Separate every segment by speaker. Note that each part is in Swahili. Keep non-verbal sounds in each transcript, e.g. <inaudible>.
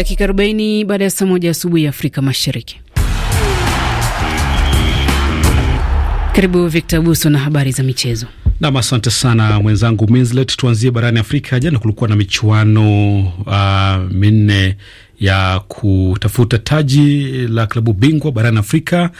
Speaker 1: dakika 40 baada ya saa moja asubuhi ya Afrika Mashariki. Karibu Victor Buso na habari za michezo.
Speaker 2: Nam, asante sana mwenzangu Minslet. Tuanzie barani Afrika. Jana kulikuwa na michuano uh, minne ya kutafuta taji la klabu bingwa barani Afrika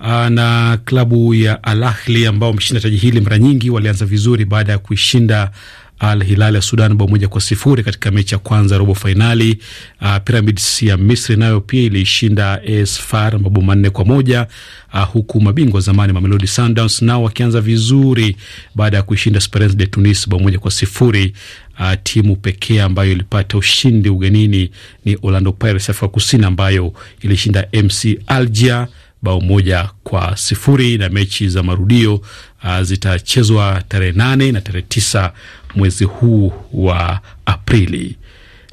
Speaker 2: uh, na klabu ya Al Ahly ambao wameshinda taji hili mara nyingi, walianza vizuri baada ya kuishinda Al Hilal ya Sudan bao moja kwa sifuri katika mechi ya kwanza robo fainali. Uh, ah, Pyramids ya Misri nayo pia ilishinda AS FAR mabao manne kwa moja uh, huku mabingwa zamani Mamelodi Sundowns nao wakianza vizuri baada ya kuishinda Esperance de Tunis bao moja kwa sifuri. Uh, timu pekee ambayo ilipata ushindi ugenini ni Orlando Pirates Afrika Kusini ambayo ilishinda MC Alger bao moja kwa sifuri na mechi za marudio uh, zitachezwa tarehe nane na tarehe tisa mwezi huu wa Aprili.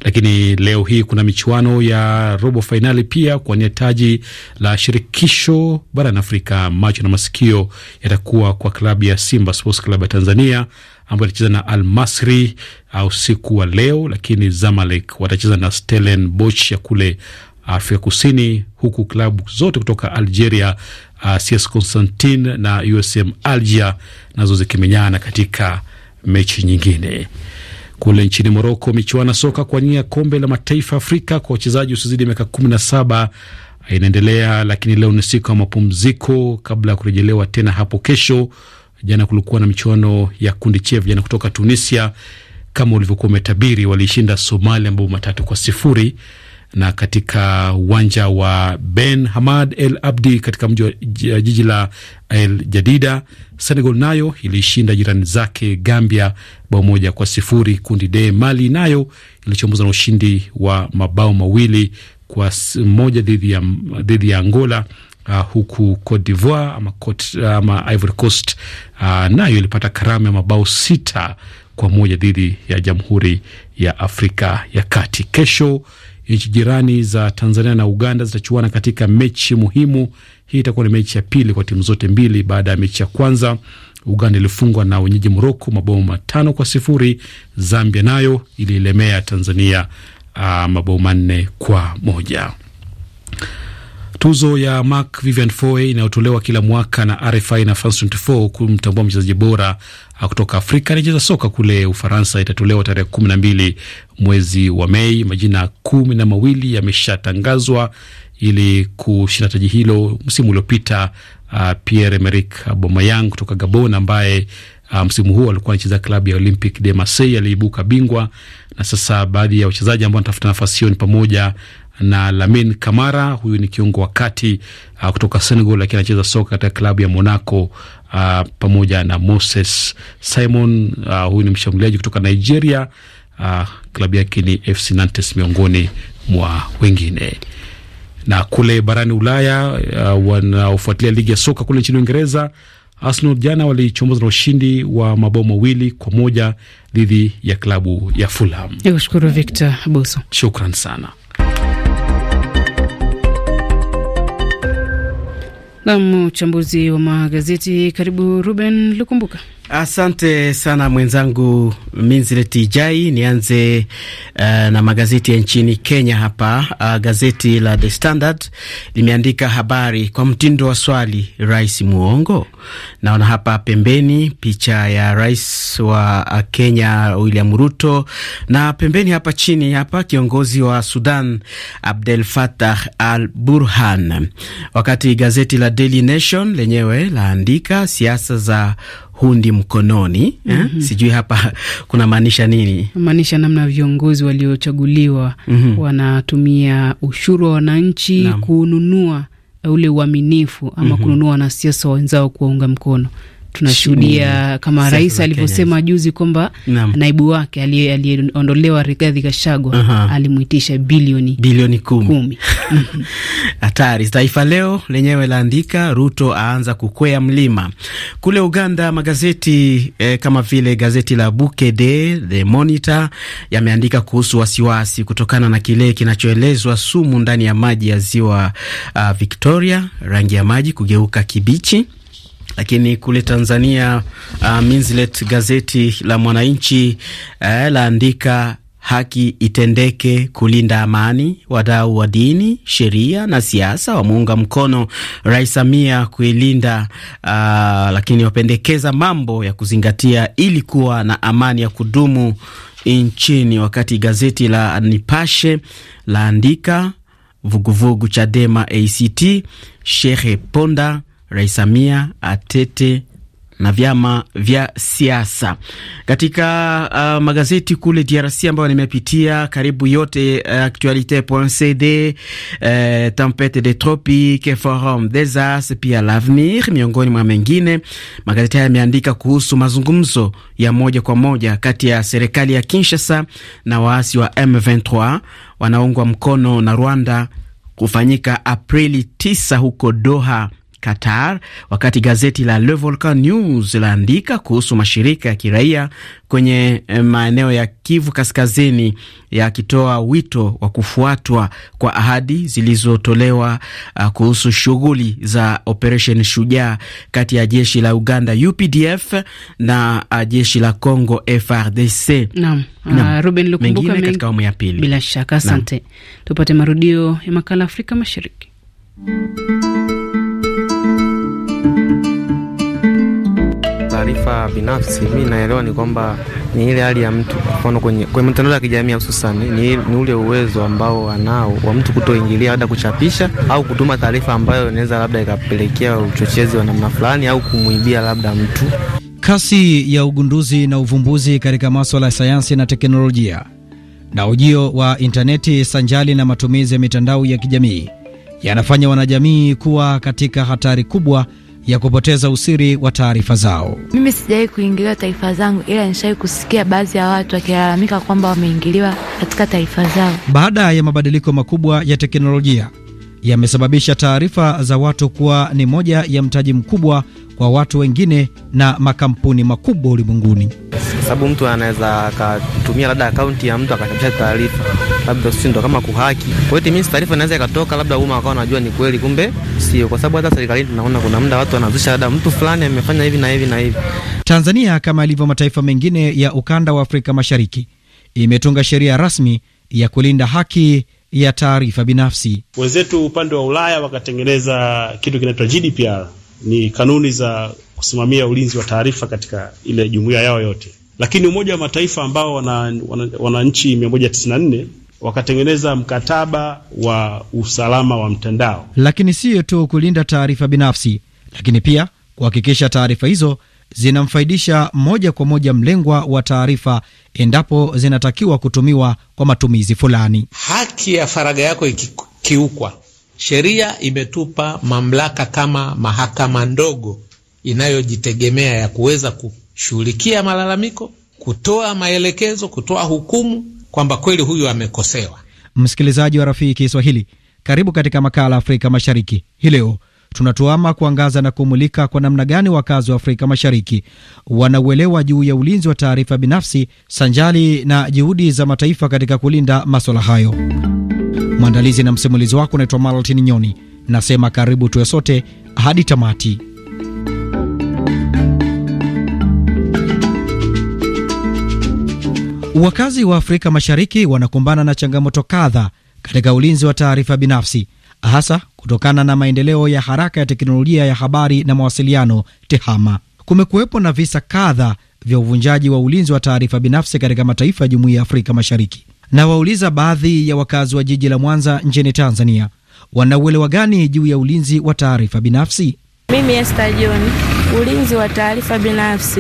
Speaker 2: Lakini leo hii kuna michuano ya robo fainali pia kuwania taji la shirikisho barani Afrika. Macho na masikio yatakuwa kwa klabu ya Simba Sports Club ya Tanzania ambayo itacheza na Al masri uh, usiku wa leo, lakini Zamalek watacheza na Stellenbosch ya kule Afrika Kusini, huku klabu zote kutoka Algeria uh, CS Constantine na USM Alger nazo zikimenyana katika mechi nyingine. Kule nchini Moroko, michuano soka kwa nia kombe la mataifa Afrika kwa wachezaji usizidi miaka kumi na saba inaendelea, lakini leo ni siku ya mapumziko kabla ya kurejelewa tena hapo kesho. Jana kulikuwa na michuano ya kundi che vijana kutoka Tunisia, kama ulivyokuwa umetabiri, waliishinda Somalia mabao matatu kwa sifuri na katika uwanja wa Ben Hamad El Abdi katika mji wa uh, jiji la El Jadida. Senegal nayo ilishinda jirani zake Gambia bao moja kwa sifuri. Kundi D, Mali nayo ilichomboza na ushindi wa mabao mawili kwa moja dhidi ya, dhidi ya Angola. Uh, huku Cote d'Ivoire ama, uh, ama Ivory Coast uh, nayo ilipata karama ya mabao sita kwa moja dhidi ya Jamhuri ya Afrika ya Kati. Kesho nchi jirani za Tanzania na Uganda zitachuana katika mechi muhimu. Hii itakuwa ni mechi ya pili kwa timu zote mbili baada ya mechi ya kwanza. Uganda ilifungwa na wenyeji Moroko mabao matano kwa sifuri. Zambia nayo ililemea Tanzania ah, mabao manne kwa moja. Tuzo ya Marc Vivian Foe inayotolewa kila mwaka na RFI na France 24 kumtambua mchezaji bora ah, kutoka Afrika anayecheza soka kule Ufaransa itatolewa tarehe kumi na mbili mwezi wa Mei. Majina kumi na mawili yameshatangazwa ili kushinda taji hilo. Msimu uliopita uh, Pierre Emerick Aubameyang kutoka Gabon ambaye Uh, msimu huu alikuwa anacheza klabu ya Olympique de Marseille, aliibuka bingwa. Na sasa baadhi ya wachezaji ambao wanatafuta nafasi hiyo ni pamoja na Lamin Kamara, huyu ni kiungo wa kati uh, kutoka Senegal, lakini anacheza soka katika klabu ya Monaco uh, pamoja na Moses Simon uh, huyu ni mshambuliaji kutoka Nigeria uh, klabu yake ni FC Nantes miongoni mwa wengine na kule barani Ulaya uh, wanaofuatilia ligi ya soka kule nchini Uingereza, Arsenal jana walichomoza na ushindi wa mabao mawili kwa moja dhidi ya klabu ya Fulham. Nikushukuru Victor
Speaker 1: Buso, shukran sana. Nam, mchambuzi wa magazeti. Karibu Ruben Lukumbuka.
Speaker 3: Asante sana mwenzangu Minzileti jai Nianze uh, na magazeti ya nchini Kenya hapa. Uh, gazeti la The Standard limeandika habari kwa mtindo wa swali, rais muongo. Naona hapa pembeni picha ya rais wa ah, Kenya William Ruto, na pembeni hapa chini hapa kiongozi wa Sudan Abdel Fattah al Burhan, wakati gazeti la Daily Nation lenyewe laandika siasa za hundi mkononi mm -hmm. Sijui hapa <laughs> kuna maanisha nini?
Speaker 1: Maanisha namna viongozi waliochaguliwa mm -hmm. wanatumia ushuru wa wananchi kununua ule uaminifu ama mm -hmm. kununua wanasiasa wenzao kuwaunga mkono tunashuhudia kama rais alivyosema juzi kwamba naibu wake aliyeondolewa Rigathi Gachagua uh -huh. alimwitisha bilioni
Speaker 3: bilioni kumi. <laughs> Hatari. Taifa Leo lenyewe laandika Ruto aanza kukwea mlima kule Uganda. Magazeti eh, kama vile gazeti la Bukede, The Monitor yameandika kuhusu wasiwasi kutokana na kile kinachoelezwa sumu ndani ya maji ya ziwa uh, Victoria, rangi ya maji kugeuka kibichi lakini kule Tanzania uh, Minzlet gazeti la Mwananchi uh, laandika haki itendeke kulinda amani. Wadau wa dini, sheria na siasa wamuunga mkono Rais Samia kuilinda, uh, lakini wapendekeza mambo ya kuzingatia ili kuwa na amani ya kudumu nchini. Wakati gazeti la Nipashe laandika vuguvugu Chadema ACT Shehe Ponda Rais Samia atete na vyama vya siasa katika uh, magazeti kule DRC ambayo nimepitia karibu yote uh, actualite.cd uh, tempete de tropique forum des as pia l'avenir miongoni mwa mengine. Magazeti haya yameandika kuhusu mazungumzo ya moja kwa moja kati ya serikali ya Kinshasa na waasi wa M23 wanaungwa mkono na Rwanda kufanyika Aprili 9 huko Doha Qatar, wakati gazeti la Le Volcan News laandika kuhusu mashirika ya kiraia kwenye eh, maeneo ya Kivu Kaskazini yakitoa wito wa kufuatwa kwa ahadi zilizotolewa ah, kuhusu shughuli za Operation Shujaa kati ya jeshi la Uganda UPDF na ah, jeshi la Congo FRDC.
Speaker 1: Naam, uh, Ruben Lukumbuka katika awamu ya pili. Bila shaka asante. Tupate marudio ya makala Afrika Mashariki.
Speaker 4: taarifa binafsi, mi naelewa ni kwamba ni ile hali ya mtu, mfano kwenye kwenye mitandao ya kijamii hususan, ni, ni ule uwezo ambao anao wa mtu kutoingilia labda kuchapisha au kutuma taarifa ambayo inaweza labda ikapelekea uchochezi wa namna fulani au kumwibia labda mtu.
Speaker 5: Kasi ya ugunduzi na uvumbuzi katika maswala ya sayansi na teknolojia na ujio wa intaneti sanjali na matumizi ya mitandao ya kijamii yanafanya wanajamii kuwa katika hatari kubwa ya kupoteza usiri wa taarifa zao.
Speaker 1: Mimi sijawahi kuingiliwa taarifa zangu, ila nishawahi kusikia baadhi ya watu wakilalamika kwamba wameingiliwa katika
Speaker 6: taarifa zao.
Speaker 5: Baada ya mabadiliko makubwa ya teknolojia yamesababisha taarifa za watu kuwa ni moja ya mtaji mkubwa kwa watu wengine na makampuni makubwa ulimwenguni,
Speaker 4: sababu mtu anaweza akatumia labda akaunti ya mtu akachapisha taarifa labda sisi ndo kama kuhaki. Kwa hiyo means taarifa inaweza ikatoka labda umma akawa anajua ni kweli, kumbe sio, kwa sababu hata serikalini tunaona kuna muda watu wanazusha labda mtu fulani amefanya hivi na hivi na hivi.
Speaker 5: Tanzania kama ilivyo mataifa mengine ya ukanda wa Afrika Mashariki imetunga sheria rasmi ya kulinda haki ya taarifa binafsi.
Speaker 7: Wenzetu upande wa Ulaya wakatengeneza kitu kinaitwa GDPR, ni kanuni za kusimamia ulinzi wa taarifa katika ile jumuiya yao yote, lakini Umoja wa Mataifa ambao wana, wana, nchi 194 wakatengeneza mkataba wa usalama wa mtandao,
Speaker 5: lakini siyo tu kulinda taarifa binafsi, lakini pia kuhakikisha taarifa hizo zinamfaidisha moja kwa moja mlengwa wa taarifa endapo zinatakiwa kutumiwa kwa matumizi fulani.
Speaker 8: Haki ya faragha yako ikikiukwa, sheria imetupa mamlaka kama mahakama ndogo inayojitegemea ya kuweza kushughulikia malalamiko, kutoa maelekezo, kutoa hukumu kwamba kweli huyu
Speaker 5: amekosewa. Msikilizaji wa rafiki Kiswahili, karibu katika makala Afrika Mashariki hii leo tunatuama kuangaza na kumulika kwa namna gani wakazi wa Afrika Mashariki wanauelewa juu ya ulinzi wa taarifa binafsi sanjali na juhudi za mataifa katika kulinda maswala hayo. Mwandalizi na msimulizi wako unaitwa Maltin Nyoni. Nasema karibu tuwe sote hadi tamati. Wakazi wa Afrika Mashariki wanakumbana na changamoto kadha katika ulinzi wa taarifa binafsi hasa kutokana na maendeleo ya haraka ya teknolojia ya habari na mawasiliano TEHAMA. Kumekuwepo na visa kadha vya uvunjaji wa ulinzi wa taarifa binafsi katika mataifa ya Jumuiya ya Afrika Mashariki, nawauliza baadhi ya wakazi wa jiji la Mwanza nchini Tanzania wanauelewa gani juu ya ulinzi wa taarifa binafsi.
Speaker 1: Mimi Esta John, ulinzi wa taarifa binafsi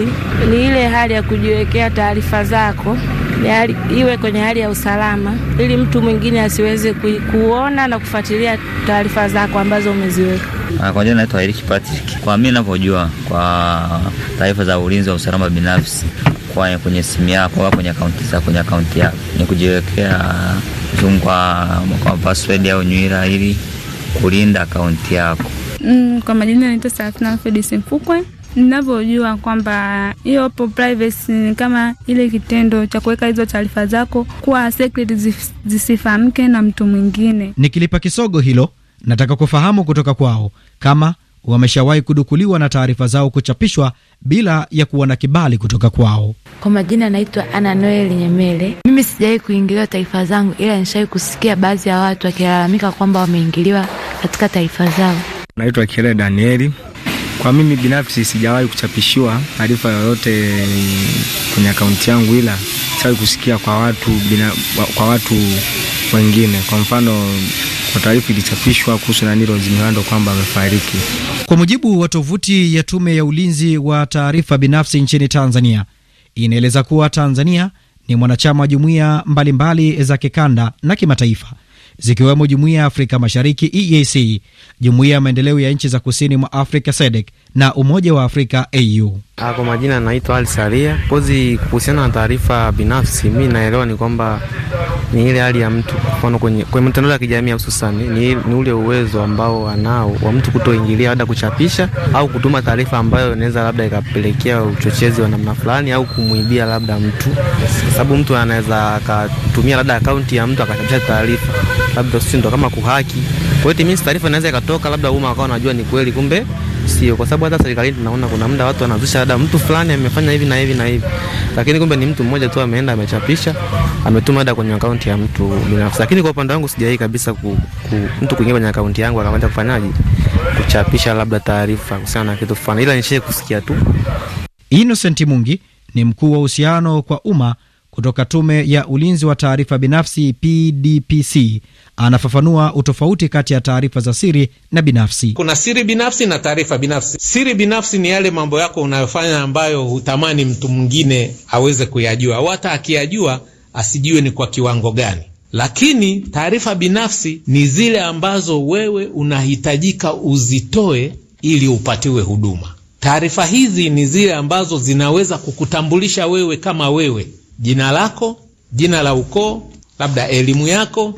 Speaker 1: ni ile hali ya kujiwekea taarifa zako hali, iwe kwenye hali ya usalama ili mtu mwingine asiweze kuona na kufuatilia taarifa zako ambazo umeziweka.
Speaker 4: Ah, kwa jina naitwa Eric Patrick. Kwa mimi ninavyojua, kwa taarifa za ulinzi wa usalama binafsi kwa kwenye simu yako au kwenye akaunti za kwenye akaunti yako ni kujiwekea zungwa kwa password au nywira ili kulinda akaunti yako.
Speaker 1: Mm, kwa majina naitwa Safina Fedi ninavyojua kwamba hiyo privacy ni kama ile kitendo cha kuweka hizo taarifa zako kuwa secret zisifahamike na mtu mwingine.
Speaker 5: Nikilipa kisogo hilo, nataka kufahamu kutoka kwao kama wameshawahi kudukuliwa na taarifa zao kuchapishwa bila ya kuwa na kibali kutoka kwao.
Speaker 1: Kwa majina anaitwa Ana Noel Nyemele. Mimi sijawahi kuingiliwa taarifa zangu, ila nishawahi kusikia baadhi ya watu wakilalamika kwamba wameingiliwa katika taarifa zao.
Speaker 5: Naitwa Kile Danieli. Kwa mimi binafsi sijawahi kuchapishiwa taarifa yoyote kwenye akaunti yangu, ila sijawahi kusikia kwa watu, bina, kwa watu wengine. Kwa mfano kwa taarifa ilichapishwa kuhusu nani Rose Mihando kwamba amefariki. Kwa mujibu wa tovuti ya Tume ya Ulinzi wa Taarifa Binafsi nchini Tanzania, inaeleza kuwa Tanzania ni mwanachama wa jumuiya mbalimbali za kikanda na kimataifa zikiwemo Jumuiya ya Afrika Mashariki EAC, Jumuiya ya Maendeleo ya Nchi za Kusini mwa Afrika SADC e na Umoja wa Afrika AU.
Speaker 4: Ah, kwa majina anaitwa Ali Saria Pozi. Kuhusiana na taarifa binafsi, mi naelewa ni kwamba ni ile hali ya mtu, mfano kwenye kwenye mtandao ya kijamii hususan ni, ni ule uwezo ambao anao wa mtu kutoingilia, labda kuchapisha au kutuma taarifa ambayo inaweza labda ikapelekea uchochezi wa namna fulani au kumwibia labda mtu, sababu mtu anaweza akatumia labda akaunti ya mtu akachapisha taarifa labda, sio ndo kama kuhaki. Kwa hiyo taarifa inaweza ikatoka labda umma akawa anajua ni kweli, kumbe sio, kwa sababu hata serikalini tunaona kuna muda watu wanazusha ada, mtu fulani amefanya hivi na hivi na hivi, lakini kumbe ni mtu mmoja tu ameenda amechapisha, ametuma ada kwenye akaunti ya mtu binafsi. Lakini kwa upande wangu sijai kabisa ku, ku, mtu kuingia kwenye akaunti yangu akaanza kufanyaje kuchapisha labda taarifa kuhusiana na kitu fulani, ila nishie kusikia tu.
Speaker 5: Innocent Mungi ni mkuu wa uhusiano kwa umma kutoka Tume ya Ulinzi wa Taarifa Binafsi PDPC anafafanua utofauti kati ya taarifa za siri na binafsi.
Speaker 8: Kuna siri binafsi na taarifa binafsi. Siri binafsi ni yale mambo yako unayofanya ambayo hutamani mtu mwingine aweze kuyajua, au hata akiyajua asijue ni kwa kiwango gani. Lakini taarifa binafsi ni zile ambazo wewe unahitajika uzitoe ili upatiwe huduma. Taarifa hizi ni zile ambazo zinaweza kukutambulisha wewe kama wewe jina lako, jina la ukoo, labda elimu yako,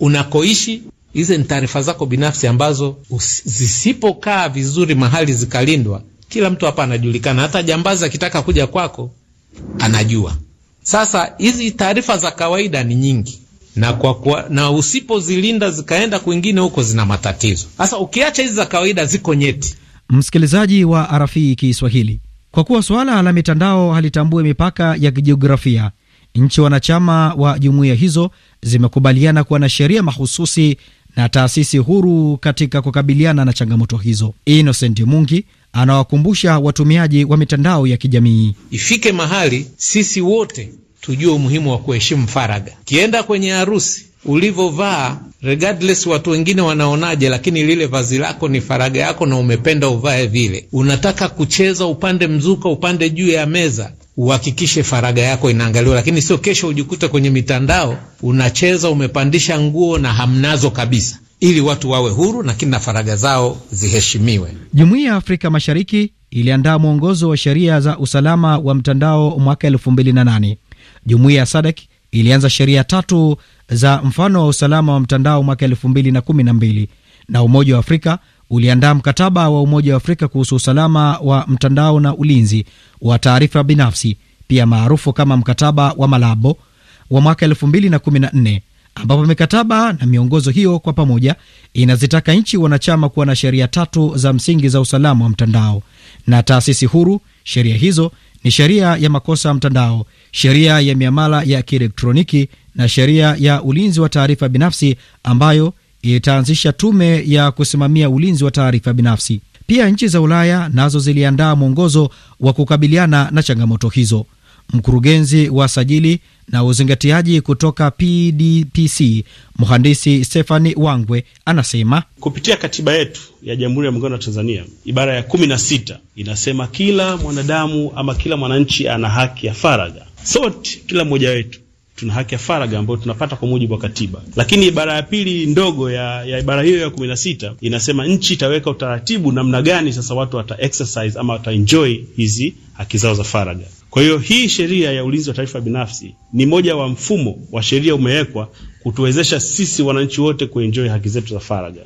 Speaker 8: unakoishi. Hizi ni taarifa zako binafsi ambazo zisipokaa vizuri mahali zikalindwa, kila mtu hapa anajulikana, hata jambazi akitaka kuja kwako anajua. Sasa hizi taarifa za kawaida ni nyingi na, kwa kwa, na usipozilinda zikaenda kwingine huko zina matatizo. Sasa ukiacha hizi za
Speaker 5: kawaida ziko nyeti. Msikilizaji wa RFI Kiswahili kwa kuwa suala la mitandao halitambue mipaka ya kijiografia, nchi wanachama wa jumuiya hizo zimekubaliana kuwa na sheria mahususi na taasisi huru katika kukabiliana na changamoto hizo. Innocent Mungi anawakumbusha watumiaji wa mitandao ya kijamii,
Speaker 8: ifike mahali sisi wote tujue umuhimu wa kuheshimu faraga Ukienda kwenye harusi ulivyovaa, regardless watu wengine wanaonaje, lakini lile vazi lako ni faraga yako, na umependa uvae vile. Unataka kucheza upande mzuka, upande juu ya meza, uhakikishe faraga yako inaangaliwa, lakini sio kesho ujikute kwenye mitandao unacheza, umepandisha nguo na hamnazo kabisa ili watu wawe huru, lakini na faraga zao
Speaker 5: ziheshimiwe. Jumuiya ya Afrika Mashariki iliandaa mwongozo wa sheria za usalama wa mtandao mwaka 2008. Jumuiya ya SADEK ilianza sheria tatu za mfano wa usalama wa mtandao mwaka mbili na Umoja wa Afrika uliandaa mkataba wa Umoja wa Afrika kuhusu usalama wa mtandao na ulinzi wa taarifa binafsi, pia maarufu kama mkataba wa Malabo wa mwaka nne ambapo mikataba na miongozo hiyo kwa pamoja inazitaka nchi wanachama kuwa na sheria tatu za msingi za usalama wa mtandao na taasisi huru. Sheria hizo ni sheria ya makosa ya mtandao, sheria ya miamala ya kielektroniki na sheria ya ulinzi wa taarifa binafsi ambayo itaanzisha tume ya kusimamia ulinzi wa taarifa binafsi. Pia nchi za Ulaya nazo ziliandaa mwongozo wa kukabiliana na changamoto hizo. Mkurugenzi wa sajili na uzingatiaji kutoka PDPC mhandisi stehani Wangwe anasema
Speaker 7: kupitia katiba yetu ya Jamhuri ya Muungano wa Tanzania ibara ya kumi na sita inasema kila mwanadamu ama kila mwananchi ana haki ya faragha Sote kila mmoja wetu tuna haki ya faragha ambayo tunapata kwa mujibu wa katiba, lakini ibara ya pili ndogo ya, ya ibara hiyo ya kumi na sita inasema nchi itaweka utaratibu namna gani sasa watu wata exercise ama enjoy hizi haki zao za faragha. Kwa hiyo hii sheria ya ulinzi wa taarifa binafsi ni moja wa mfumo wa sheria umewekwa kutuwezesha sisi wananchi wote kuenjoy haki zetu za faragha,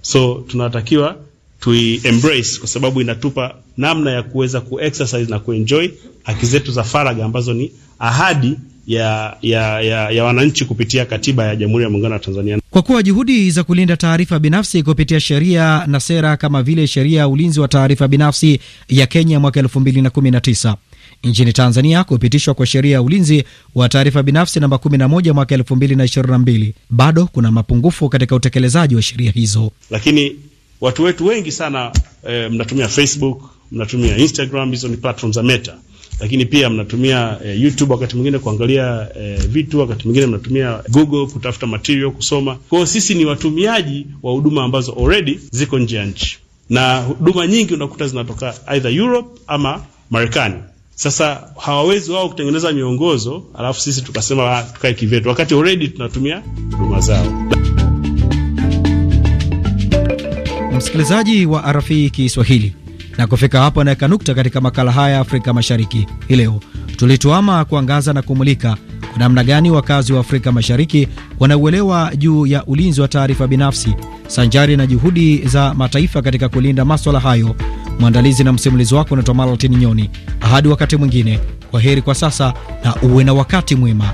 Speaker 7: so tunatakiwa tui embrace kwa sababu inatupa namna ya kuweza exercise na kuenjoy haki zetu za faragha ambazo ni ahadi ya, ya, ya, ya wananchi kupitia katiba ya Jamhuri ya Muungano wa Tanzania.
Speaker 5: Kwa kuwa juhudi za kulinda taarifa binafsi kupitia sheria na sera kama vile sheria ya ulinzi wa taarifa binafsi ya Kenya mwaka 2019 nchini Tanzania kupitishwa kwa sheria ya ulinzi wa taarifa binafsi namba 11 mwaka 2022, bado kuna mapungufu katika utekelezaji wa sheria hizo,
Speaker 7: lakini Watu wetu wengi sana e, mnatumia Facebook, mnatumia Instagram, hizo ni platform za Meta, lakini pia mnatumia e, YouTube wakati mwingine kuangalia e, vitu, wakati mwingine mnatumia Google kutafuta material, kusoma. Kwa hiyo sisi ni watumiaji wa huduma ambazo already ziko nje ya nchi, na huduma nyingi unakuta zinatoka either Europe ama Marekani. Sasa hawawezi wao kutengeneza miongozo alafu sisi tukasema ah, tukae kivetu, wakati already tunatumia huduma zao
Speaker 5: msikilizaji wa RFI Kiswahili, na kufika hapo anaweka nukta katika makala haya Afrika Mashariki hii leo. Tulituama kuangaza na kumulika kwa namna gani wakazi wa Afrika Mashariki wanauelewa juu ya ulinzi wa taarifa binafsi sanjari na juhudi za mataifa katika kulinda maswala hayo. Mwandalizi na msimulizi wako unaitwa Maltin Nyoni. Hadi wakati mwingine, kwa heri kwa sasa na uwe na wakati mwema.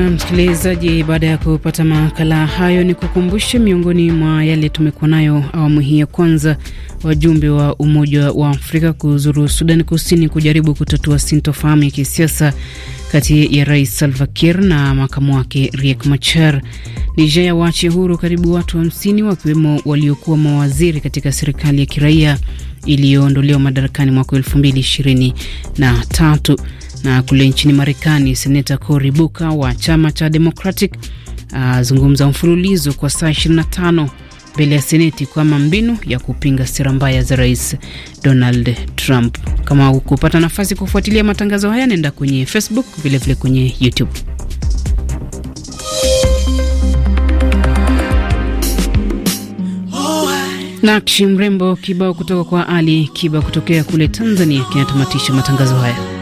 Speaker 1: Msikilizaji, baada ya kupata makala hayo, ni kukumbushe miongoni mwa yale tumekuwa nayo awamu hii ya kwanza: wajumbe wa Umoja wa Afrika kuzuru Sudan Kusini kujaribu kutatua sintofahamu ya kisiasa kati ya Rais Salva Kiir na makamu wake Riek Machar. Niger wache huru karibu watu hamsini wa wakiwemo waliokuwa mawaziri katika serikali ya kiraia iliyoondolewa madarakani mwaka elfu mbili ishirini na tatu. Na kule nchini Marekani, seneta Cory Booker wa chama cha Democratic azungumza mfululizo kwa saa 25 mbele ya seneti kwama mbinu ya kupinga sera mbaya za rais Donald Trump. Kama kupata nafasi kufuatilia matangazo haya, nenda kwenye Facebook, vilevile kwenye YouTube. Nakshi mrembo kibao kutoka kwa Ali Kiba kutokea kule Tanzania kinatamatisha matangazo haya.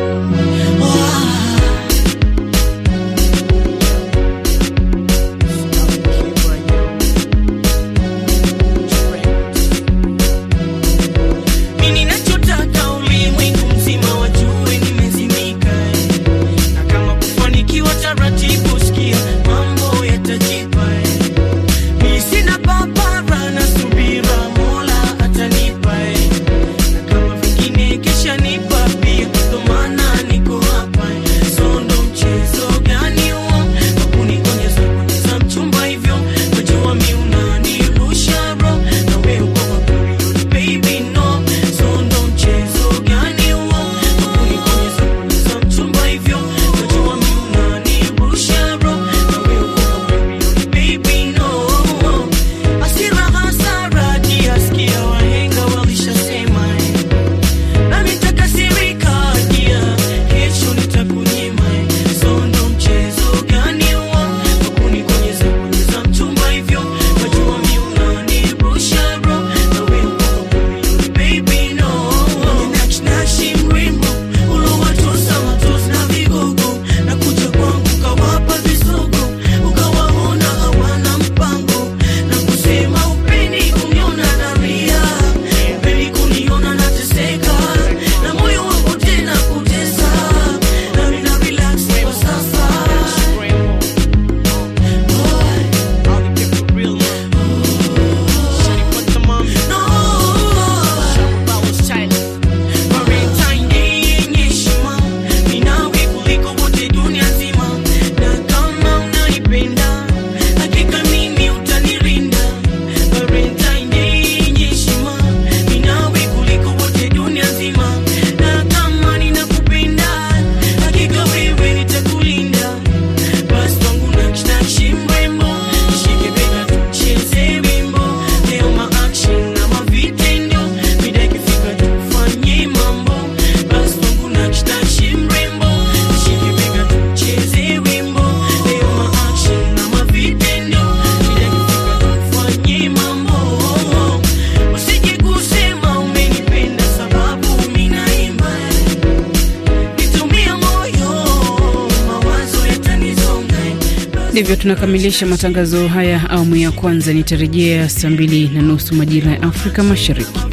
Speaker 1: you ndivyo tunakamilisha matangazo haya awamu ya kwanza. Nitarejea saa mbili na nusu majira ya Afrika Mashariki.